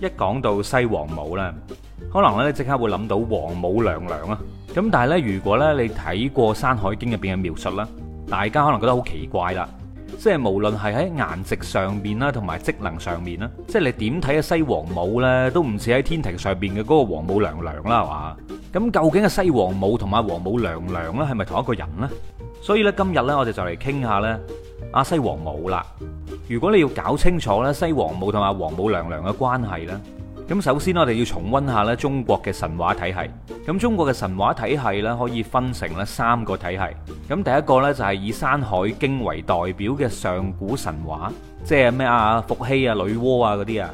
一講到西王母呢，可能咧即刻會諗到王母娘娘啊。咁但係咧，如果咧你睇過《山海經》入邊嘅描述啦，大家可能覺得好奇怪啦。即係無論係喺顏值上面啦，同埋職能上面啦，即係你點睇嘅西王母咧，都唔似喺天庭上邊嘅嗰個王母娘娘啦，係嘛？咁究竟係西王母同埋王母娘娘咧，係咪同一個人呢？所以咧，今日咧，我哋就嚟傾下咧阿西王母啦。如果你要搞清楚咧，西王母同埋王母娘娘嘅關係咧，咁首先我哋要重溫下咧中國嘅神話體系。咁中國嘅神話體系咧可以分成咧三個體系。咁第一個咧就係以《山海經》為代表嘅上古神話，即係咩啊，伏羲啊女媧啊嗰啲啊，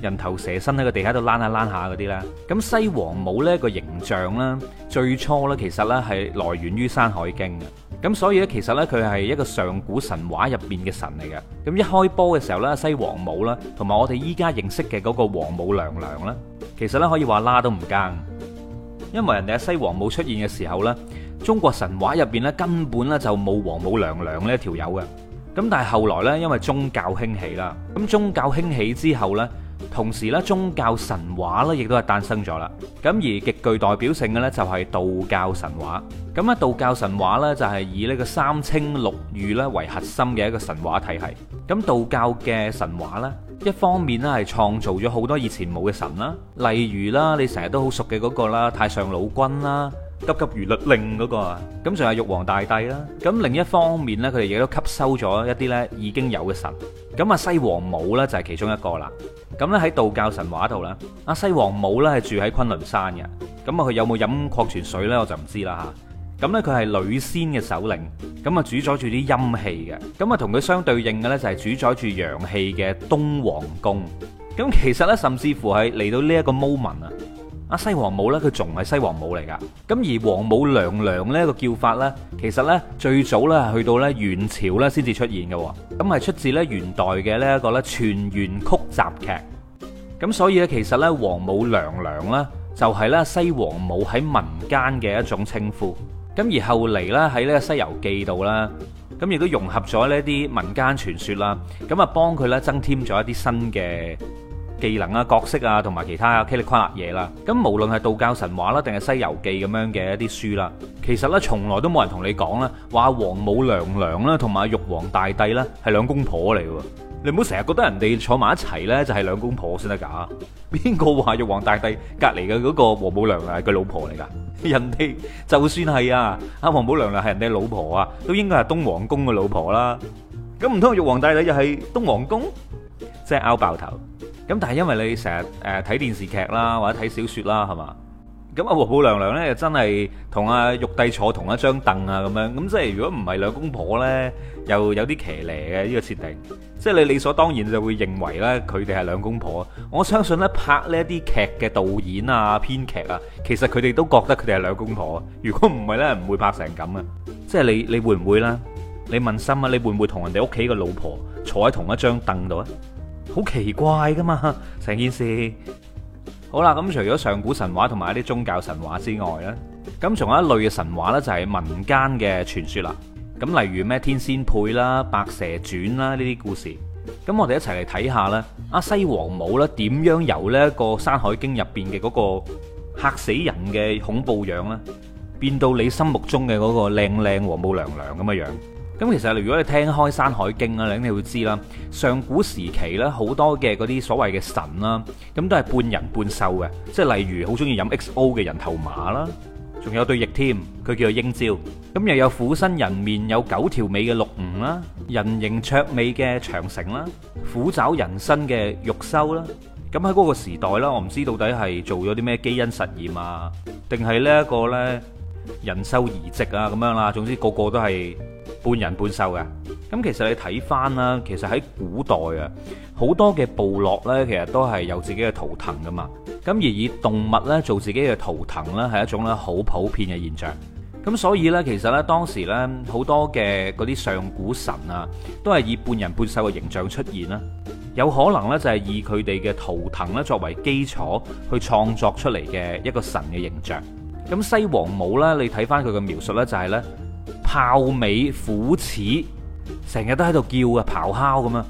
人頭蛇身喺個地下度躝下躝下嗰啲啦。咁西王母咧，個形象咧，最初咧其實咧係來源於《山海經》嘅。咁所以咧，其實咧，佢係一個上古神話入邊嘅神嚟嘅。咁一開波嘅時候咧，西王母啦，同埋我哋依家認識嘅嗰個王母娘娘啦，其實咧可以話拉都唔埋，因為人哋喺西王母出現嘅時候咧，中國神話入邊咧根本咧就冇王母娘娘呢條友嘅。咁但係後來咧，因為宗教興起啦，咁宗教興起之後咧。同時咧，宗教神話咧，亦都係誕生咗啦。咁而極具代表性嘅咧，就係道教神話。咁道教神話咧，就係以呢個三清六御咧為核心嘅一個神話體系。咁道教嘅神話咧，一方面咧係創造咗好多以前冇嘅神啦，例如啦，你成日都好熟嘅嗰個啦，太上老君啦，急急如律令嗰個啊。咁仲有玉皇大帝啦。咁另一方面咧，佢哋亦都吸收咗一啲咧已經有嘅神。咁啊，西王母咧就係其中一個啦。咁咧喺道教神話度呢，阿西王母咧，係住喺昆崙山嘅。咁啊佢有冇飲礦泉水呢？我就唔知啦嚇。咁咧佢係女仙嘅首領，咁啊主宰住啲陰氣嘅，咁啊同佢相對應嘅呢，就係主宰住陽氣嘅東王公。咁其實呢，甚至乎係嚟到呢一個 moment 啊。阿西王母咧，佢仲係西王母嚟㗎。咁而王母娘娘呢個叫法呢，其實呢最早呢係去到呢元朝呢先至出現嘅。咁係出自呢元代嘅呢一個呢全元曲雜劇。咁所以呢，其實呢王母娘娘呢就係呢西王母喺民間嘅一種稱呼。咁而後嚟呢，喺呢個《西遊記》度啦，咁亦都融合咗呢啲民間傳說啦，咁啊幫佢呢增添咗一啲新嘅。技能啊、角色啊，同埋其他啊，茄哩夸納嘢啦。咁，無論係道教神話啦，定係《西遊記》咁樣嘅一啲書啦，其實呢，從來都冇人同你講啦，話王母娘娘啦，同埋玉皇大帝呢，係兩公婆嚟嘅。你唔好成日覺得人哋坐埋一齊呢，就係兩公婆先得㗎。邊個話玉皇大帝隔離嘅嗰個王母娘娘係佢老婆嚟㗎？人哋就算係啊，阿王母娘娘係人哋老婆啊，都應該係東王公嘅老婆啦。咁唔通玉皇大帝就係東王公？真係拗爆頭！咁但係因為你成日誒睇電視劇啦，或者睇小說啦，係嘛？咁阿王母娘娘咧，又真係同阿玉帝坐同一張凳啊，咁樣咁即係如果唔係兩公婆咧，又有啲騎呢嘅呢個設定，即係你理所當然就會認為咧，佢哋係兩公婆。我相信咧，拍呢一啲劇嘅導演啊、編劇啊，其實佢哋都覺得佢哋係兩公婆。如果唔係咧，唔會拍成咁啊！即係你你會唔會啦？你問心啊，你會唔會同人哋屋企嘅老婆坐喺同一張凳度啊？好奇怪噶嘛，成件事。好啦，咁除咗上古神話同埋一啲宗教神話之外呢，咁仲有一類嘅神話呢，就係民間嘅傳說啦。咁例如咩天仙配啦、白蛇傳啦呢啲故事。咁我哋一齊嚟睇下啦，阿西王母啦，點樣由呢個山海經入邊嘅嗰個嚇死人嘅恐怖樣呢，變到你心目中嘅嗰個靚靚王母娘娘咁嘅樣。咁其實如果你聽開《山海經》啊，你肯定會知啦，上古時期咧，好多嘅嗰啲所謂嘅神啦，咁都係半人半獸嘅，即係例如好中意飲 XO 嘅人頭馬啦，仲有對翼添，佢叫做英招，咁又有虎身人面有九條尾嘅陸吾啦，人形雀尾嘅長乘啦，虎爪人身嘅蓐收啦，咁喺嗰個時代啦，我唔知到底係做咗啲咩基因實驗啊，定係呢一個咧人獸移植啊咁樣啦，總之個個都係。半人半獸嘅，咁其實你睇翻啦，其實喺古代啊，好多嘅部落呢，其實都係有自己嘅圖騰㗎嘛，咁而以動物呢，做自己嘅圖騰呢，係一種呢好普遍嘅現象。咁所以呢，其實呢，當時呢，好多嘅嗰啲上古神啊，都係以半人半獸嘅形象出現啦，有可能呢，就係以佢哋嘅圖騰呢作為基礎去創作出嚟嘅一個神嘅形象。咁西王母呢，你睇翻佢嘅描述呢，就係呢。豹尾虎齒，成日都喺度叫啊咆哮咁啊！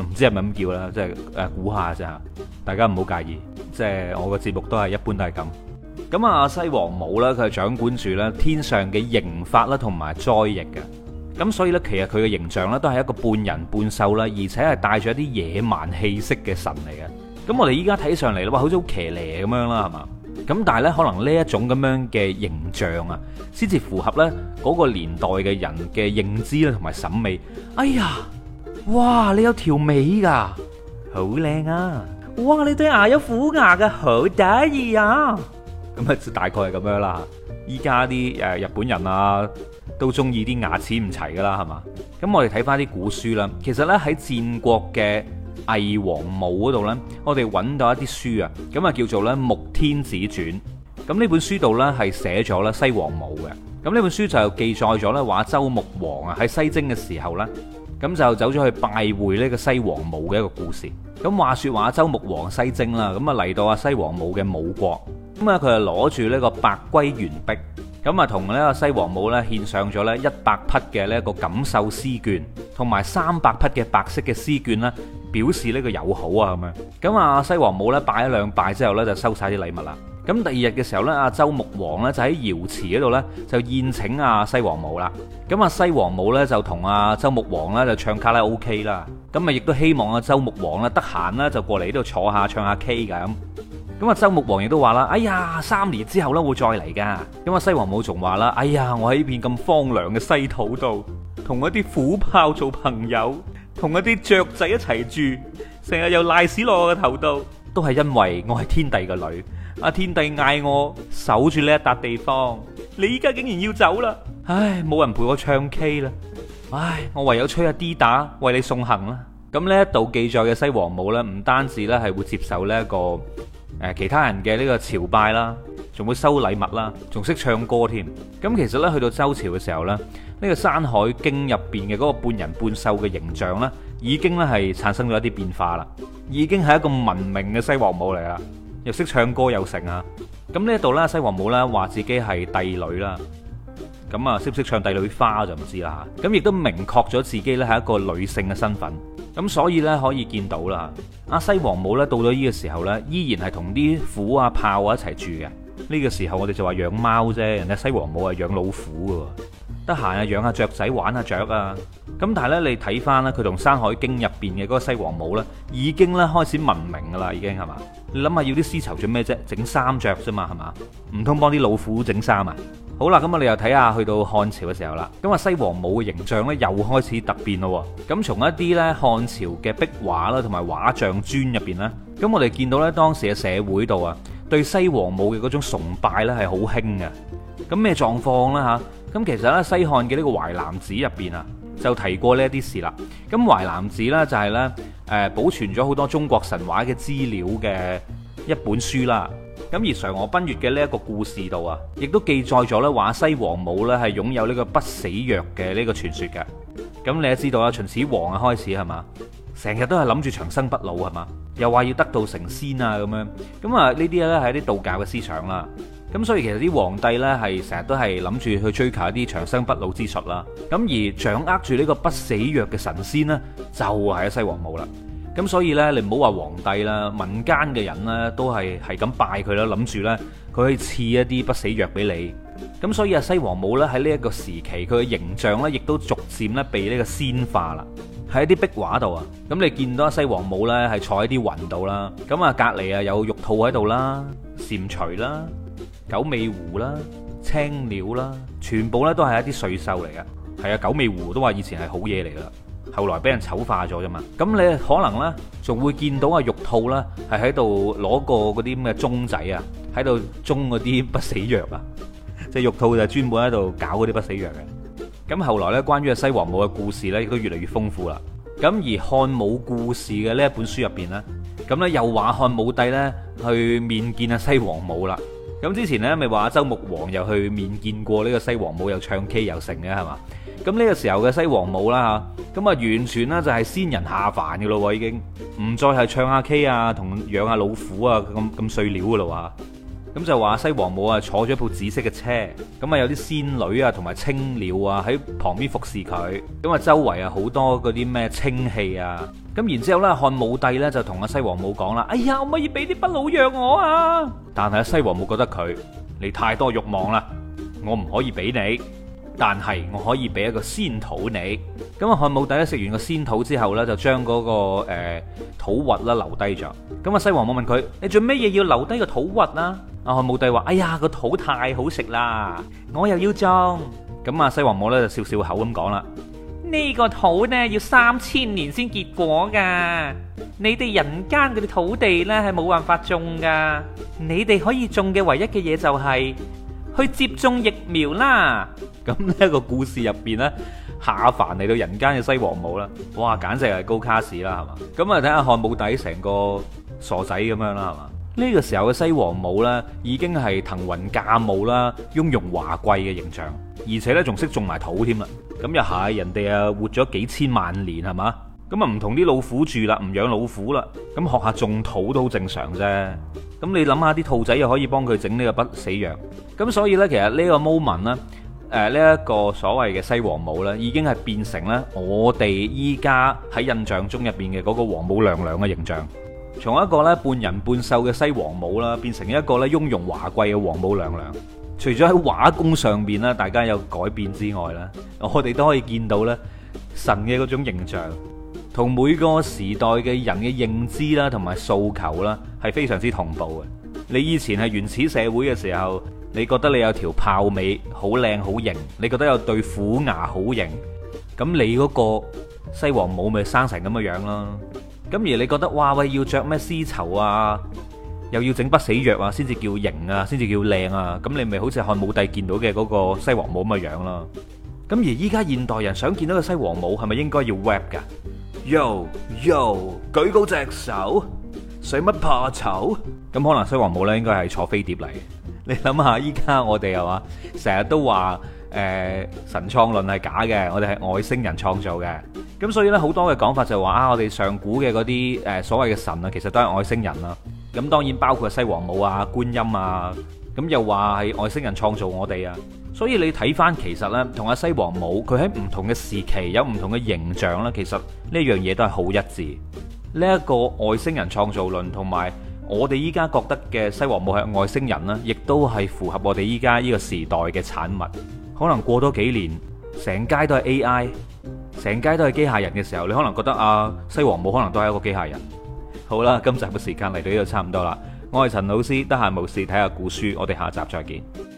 唔知係咪咁叫啦，即係誒估下啫吓，大家唔好介意。即係我嘅節目都係一般都係咁。咁啊，西王母咧，佢係掌管住咧天上嘅刑法啦，同埋災疫嘅。咁所以咧，其實佢嘅形象咧都係一個半人半獸啦，而且係帶住一啲野蠻氣息嘅神嚟嘅。咁我哋依家睇上嚟啦，哇，好似好騎呢咁樣啦，係嘛？咁但係咧，可能呢一種咁樣嘅形象啊，先至符合咧嗰個年代嘅人嘅認知啦，同埋審美。哎呀，哇，你有條尾㗎，好靚啊！哇，你對牙有虎牙嘅，好得意啊！咁啊，大概係咁樣啦。依家啲誒日本人啊，都中意啲牙齒唔齊㗎啦，係嘛？咁我哋睇翻啲古書啦，其實咧喺戰國嘅。魏王墓嗰度呢，我哋揾到一啲書啊，咁啊叫做咧《穆天子傳》。咁呢本書度呢，係寫咗咧西王母嘅。咁呢本書就記載咗咧話周穆王啊喺西征嘅時候呢，咁就走咗去拜會呢個西王母嘅一個故事。咁話說話周穆王西征啦，咁啊嚟到阿西王母嘅武國，咁啊佢係攞住呢個白圭玄璧，咁啊同個西王母咧獻上咗呢一百匹嘅呢個個錦繡詩卷，同埋三百匹嘅白色嘅詩卷呢表示呢個友好啊咁樣，咁啊西王母咧拜一兩拜之後咧就收晒啲禮物啦。咁第二日嘅時候咧，阿周穆王咧就喺瑤池嗰度咧就宴請阿西王母啦。咁啊西王母咧就同阿周穆王咧就唱卡拉 O K 啦。咁咪亦都希望阿、啊、周穆王咧得閒啦就過嚟呢度坐下唱下 K 㗎咁。咁啊周穆王亦都話啦：哎呀，三年之後咧會再嚟㗎。咁啊西王母仲話啦：哎呀，我喺呢片咁荒涼嘅西土度，同一啲虎豹做朋友。同一啲雀仔一齊住，成日又瀨屎落我嘅頭度，都係因為我係天帝嘅女。阿天帝嗌我守住呢一笪地方，你依家竟然要走啦！唉，冇人陪我唱 K 啦！唉，我唯有吹下啲打為你送行啦。咁呢一度記載嘅西王母呢，唔單止呢係會接受呢、這、一個。誒其他人嘅呢個朝拜啦，仲會收禮物啦，仲識唱歌添。咁其實咧，去到周朝嘅時候呢，呢個《山海經》入邊嘅嗰個半人半獸嘅形象呢，已經咧係產生咗一啲變化啦，已經係一個文明嘅西王母嚟啦，又識唱歌又成啊。咁呢度呢，西王母呢話自己係帝女啦，咁啊識唔識唱帝女花就唔知啦。咁亦都明確咗自己咧係一個女性嘅身份。咁所以呢，可以見到啦，阿西王母呢，到咗呢個時候呢，依然係同啲虎啊、豹啊一齊住嘅。呢個時候我哋就話養貓啫，人哋西王母係養老虎嘅，得閒啊養下雀仔玩下雀啊。咁但係呢，你睇翻呢，佢同《山海經》入邊嘅嗰個西王母呢，已經呢，開始文明噶啦，已經係嘛？你諗下要啲絲綢做咩啫？整衫着啫嘛，係嘛？唔通幫啲老虎整衫啊？好啦，咁我哋又睇下去到漢朝嘅時候啦，咁啊西王母嘅形象呢又開始突變咯。咁從一啲呢漢朝嘅壁畫啦同埋畫像磚入邊呢，咁我哋見到呢當時嘅社會度啊，對西王母嘅嗰種崇拜呢係好興嘅。咁咩狀況呢？吓，咁其實呢，西漢嘅呢個《淮南子》入邊啊，就提過呢一啲事啦。咁《淮南子》呢，就係呢，誒保存咗好多中國神話嘅資料嘅一本書啦。咁而嫦娥奔月嘅呢一個故事度啊，亦都記載咗咧，話西王母咧係擁有呢個不死藥嘅呢個傳說嘅。咁你都知道啦，秦始皇啊開始係嘛，成日都係諗住長生不老係嘛，又話要得道成仙啊咁樣。咁啊呢啲咧係啲道教嘅思想啦。咁所以其實啲皇帝咧係成日都係諗住去追求一啲長生不老之術啦。咁而掌握住呢個不死藥嘅神仙咧，就係西王母啦。咁所以呢，你唔好話皇帝啦，民間嘅人呢都係係咁拜佢啦，諗住呢，佢可以賜一啲不死藥俾你。咁所以啊，西王母呢喺呢一個時期，佢嘅形象呢亦都逐漸呢被呢個仙化啦。喺一啲壁畫度啊，咁你見到啊西王母呢係坐喺啲雲度啦，咁啊隔籬啊有玉兔喺度啦，蟾蜍啦、九尾狐啦、青鳥啦，全部呢都係一啲瑞獸嚟嘅。係啊，九尾狐都話以前係好嘢嚟噶。後來俾人醜化咗啫嘛，咁你可能呢，仲會見到阿玉兔呢，係喺度攞個嗰啲咩盅仔啊，喺度盅嗰啲不死藥啊，即係玉兔就專門喺度搞嗰啲不死藥嘅。咁後來呢，關於阿西王母嘅故事呢，亦都越嚟越豐富啦。咁而《漢武故事》嘅呢一本書入邊呢，咁呢又話漢武帝呢，去面見阿西王母啦。咁之前咧，咪話周穆王又去面見過呢個西王母，又唱 K 又成嘅係嘛？咁呢個時候嘅西王母啦，吓，咁啊，完全呢就係仙人下凡嘅咯喎，已經唔再係唱下 K 啊，同養下老虎啊，咁咁碎料嘅咯喎。咁就話西王母啊，坐咗部紫色嘅車，咁啊有啲仙女啊同埋青鳥啊喺旁邊服侍佢，咁啊周圍啊好多嗰啲咩清氣啊。咁然之後呢，漢武帝呢就同阿西王母講啦：，哎呀，可唔可以俾啲不老藥我啊？但係西王母覺得佢你太多慾望啦，我唔可以俾你，但係我可以俾一個仙土你。咁啊，漢武帝咧食完個仙土之後呢，就將嗰個誒土核咧留低咗。咁啊，西王母問佢：，你做咩嘢要留低個土核啊？阿漢武帝話：，哎呀，個土太好食啦，我又要裝。咁啊，西王母咧就笑笑口咁講啦。呢、這個土呢要三千年先結果噶，你哋人間嗰啲土地呢係冇辦法種噶，你哋可以種嘅唯一嘅嘢就係、是、去接種疫苗啦。咁呢個故事入邊呢，下凡嚟到人間嘅西王母啦，哇，簡直係高卡士啦，係嘛？咁啊，睇下漢武帝成個傻仔咁樣啦，係嘛？呢個時候嘅西王母咧，已經係騰雲駕霧啦，雍容華貴嘅形象，而且咧仲識種埋土添啦。咁又係人哋啊，活咗幾千萬年係嘛？咁啊唔同啲老虎住啦，唔養老虎啦，咁學下種土都好正常啫。咁你諗下啲兔仔又可以幫佢整呢個不死藥，咁所以呢，其實呢個 moment 呢，誒呢一個所謂嘅西王母呢，已經係變成呢我哋依家喺印象中入邊嘅嗰個王母娘娘嘅形象。從一個咧半人半獸嘅西王母啦，變成一個咧雍容華貴嘅王母娘娘。除咗喺畫工上邊啦，大家有改變之外啦，我哋都可以見到咧神嘅嗰種形象，同每個時代嘅人嘅認知啦，同埋訴求啦，係非常之同步嘅。你以前係原始社會嘅時候，你覺得你有條豹尾好靚好型，你覺得有對虎牙好型，咁你嗰個西王母咪生成咁嘅樣囉。咁而你覺得哇喂，要著咩絲綢啊，又要整不死藥啊，先至叫型啊，先至叫靚啊，咁你咪好似漢武帝見到嘅嗰個西王母咁嘅樣囉。咁而依家現代人想見到嘅西王母係咪應該要 rap 㗎？Yo yo，舉高隻手，使乜怕醜？咁可能西王母咧應該係坐飛碟嚟嘅。你諗下，依家我哋係嘛，成日都話誒神創論係假嘅，我哋係外星人創造嘅。咁所以呢，好多嘅講法就係話啊，我哋上古嘅嗰啲誒所謂嘅神啊，其實都係外星人啦。咁當然包括西王母啊、觀音啊，咁又話係外星人創造我哋啊。所以你睇翻其實呢，同阿西王母佢喺唔同嘅時期有唔同嘅形象呢，其實呢樣嘢都係好一致。呢一個外星人創造論同埋我哋依家覺得嘅西王母係外星人呢，亦都係符合我哋依家呢個時代嘅產物。可能過多幾年，成街都係 AI。成街都係機械人嘅時候，你可能覺得啊，西王母可能都係一個機械人。好啦，今集嘅時間嚟到呢度差唔多啦。我係陳老師，得閒無事睇下古書，我哋下集再見。